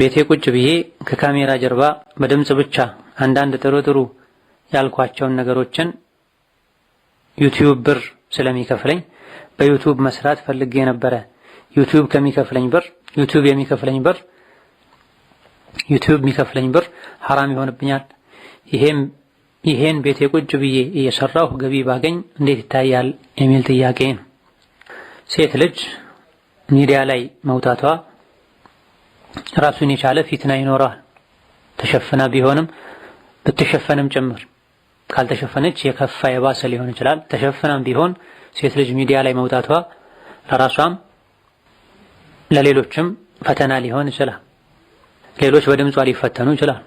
ቤቴ ቁጭ ብዬ ከካሜራ ጀርባ በድምፅ ብቻ አንዳንድ ጥሩ ጥሩ ያልኳቸውን ነገሮችን ዩቲዩብ ብር ስለሚከፍለኝ በዩቲዩብ መስራት ፈልጌ ነበረ። ዩቲዩብ ከሚከፍለኝ ብር ዩቲዩብ የሚከፍለኝ ብር ዩቲዩብ የሚከፍለኝ ብር ሐራም ይሆንብኛል። ይሄም ይሄን ቤቴ ቁጭ ብዬ እየሰራሁ ገቢ ባገኝ እንዴት ይታያል? የሚል ጥያቄ ነው። ሴት ልጅ ሚዲያ ላይ መውጣቷ ራሱን የቻለ ፊትና ይኖረዋል። ተሸፍና ቢሆንም ብትሸፈንም ጭምር ካልተሸፈነች የከፋ የባሰ ሊሆን ይችላል። ተሸፍናም ቢሆን ሴት ልጅ ሚዲያ ላይ መውጣቷ ለራሷም ለሌሎችም ፈተና ሊሆን ይችላል። ሌሎች በድምጿ ሊፈተኑ ይችላል።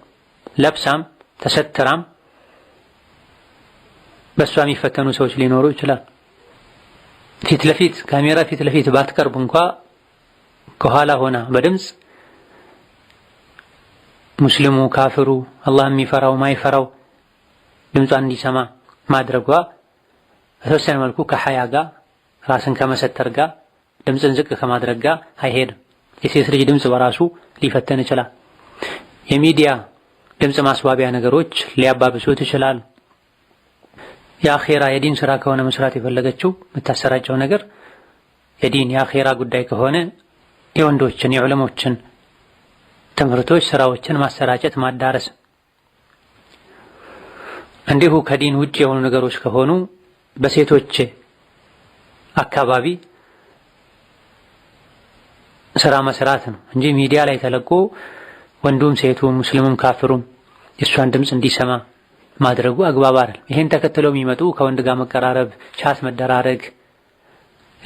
ለብሳም ተሰትራም በእሷ የሚፈተኑ ሰዎች ሊኖሩ ይችላል። ፊት ለፊት ካሜራ ፊት ለፊት ባትቀርብ እንኳ ከኋላ ሆና በድምፅ ሙስሊሙ ካፍሩ አላህ የሚፈራው ማይፈራው ድምጿን እንዲሰማ ማድረጓ በተወሰነ መልኩ ከሐያ ጋር ራስን ከመሰተር ጋር ድምፅን ዝቅ ከማድረግ ጋር አይሄድም። የሴት ልጅ ድምፅ በራሱ ሊፈተን ይችላል። የሚዲያ ድምፅ ማስዋቢያ ነገሮች ሊያባብሱት ይችላል። የአኼራ የዲን ስራ ከሆነ መስራት የፈለገችው የምታሰራጨው ነገር የዲን የአኼራ ጉዳይ ከሆነ የወንዶችን የዑለሞችን ትምህርቶች፣ ስራዎችን ማሰራጨት፣ ማዳረስ። እንዲሁ ከዲን ውጭ የሆኑ ነገሮች ከሆኑ በሴቶች አካባቢ ስራ መስራት ነው እንጂ ሚዲያ ላይ ተለቆ ወንዱም ሴቱም ሙስሊሙም ካፍሩም የእሷን ድምፅ እንዲሰማ ማድረጉ አግባብ አይደል። ይሄን ተከትሎ የሚመጡ ከወንድ ጋር መቀራረብ፣ ቻት መደራረግ፣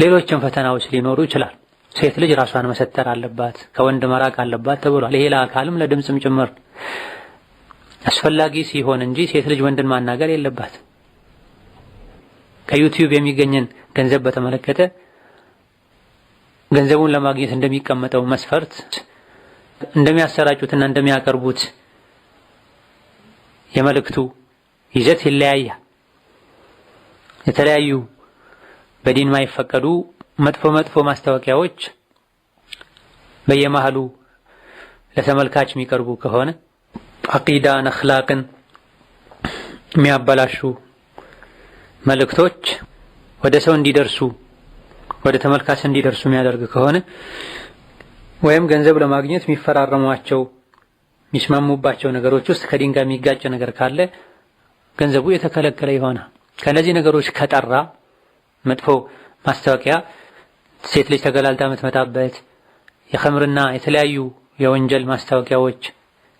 ሌሎችም ፈተናዎች ሊኖሩ ይችላል። ሴት ልጅ ራሷን መሰተር አለባት፣ ከወንድ መራቅ አለባት ተብሏል። ይሄ ለአካልም ለድምፅም ጭምር አስፈላጊ ሲሆን እንጂ ሴት ልጅ ወንድን ማናገር የለባት። ከዩቲዩብ የሚገኝን ገንዘብ በተመለከተ ገንዘቡን ለማግኘት እንደሚቀመጠው መስፈርት እንደሚያሰራጩትና እንደሚያቀርቡት የመልእክቱ ይዘት ይለያያል። የተለያዩ በዲን ማይፈቀዱ መጥፎ መጥፎ ማስታወቂያዎች በየመሃሉ ለተመልካች የሚቀርቡ ከሆነ አቂዳን አኽላቅን የሚያበላሹ መልእክቶች ወደ ሰው እንዲደርሱ ወደ ተመልካች እንዲደርሱ የሚያደርግ ከሆነ ወይም ገንዘብ ለማግኘት የሚፈራረሟቸው የሚስማሙባቸው ነገሮች ውስጥ ከዲን ጋር የሚጋጭ ነገር ካለ ገንዘቡ የተከለከለ ይሆናል። ከነዚህ ነገሮች ከጠራ መጥፎ ማስታወቂያ ሴት ልጅ ተገላልጣ የምትመጣበት የኸምርና የተለያዩ የወንጀል ማስታወቂያዎች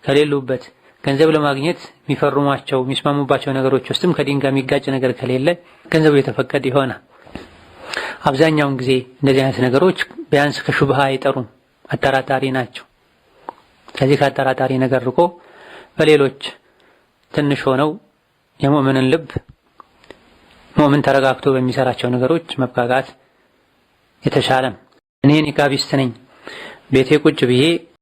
ከሌሉበት ገንዘብ ለማግኘት የሚፈርሟቸው የሚስማሙባቸው ነገሮች ውስጥም ከዲን ጋር የሚጋጭ ነገር ከሌለ ገንዘቡ የተፈቀደ ይሆናል። አብዛኛውን ጊዜ እንደዚህ አይነት ነገሮች ቢያንስ ከሹብሃ አይጠሩም፣ አጠራጣሪ ናቸው። ከዚህ ከአጠራጣሪ ነገር ርቆ በሌሎች ትንሽ ሆነው የሙእምንን ልብ ሙእምን ተረጋግቶ በሚሰራቸው ነገሮች መብቃቃት የተሻለ ነው። እኔ ኒቃቢስት ነኝ ቤቴ ቁጭ ብዬ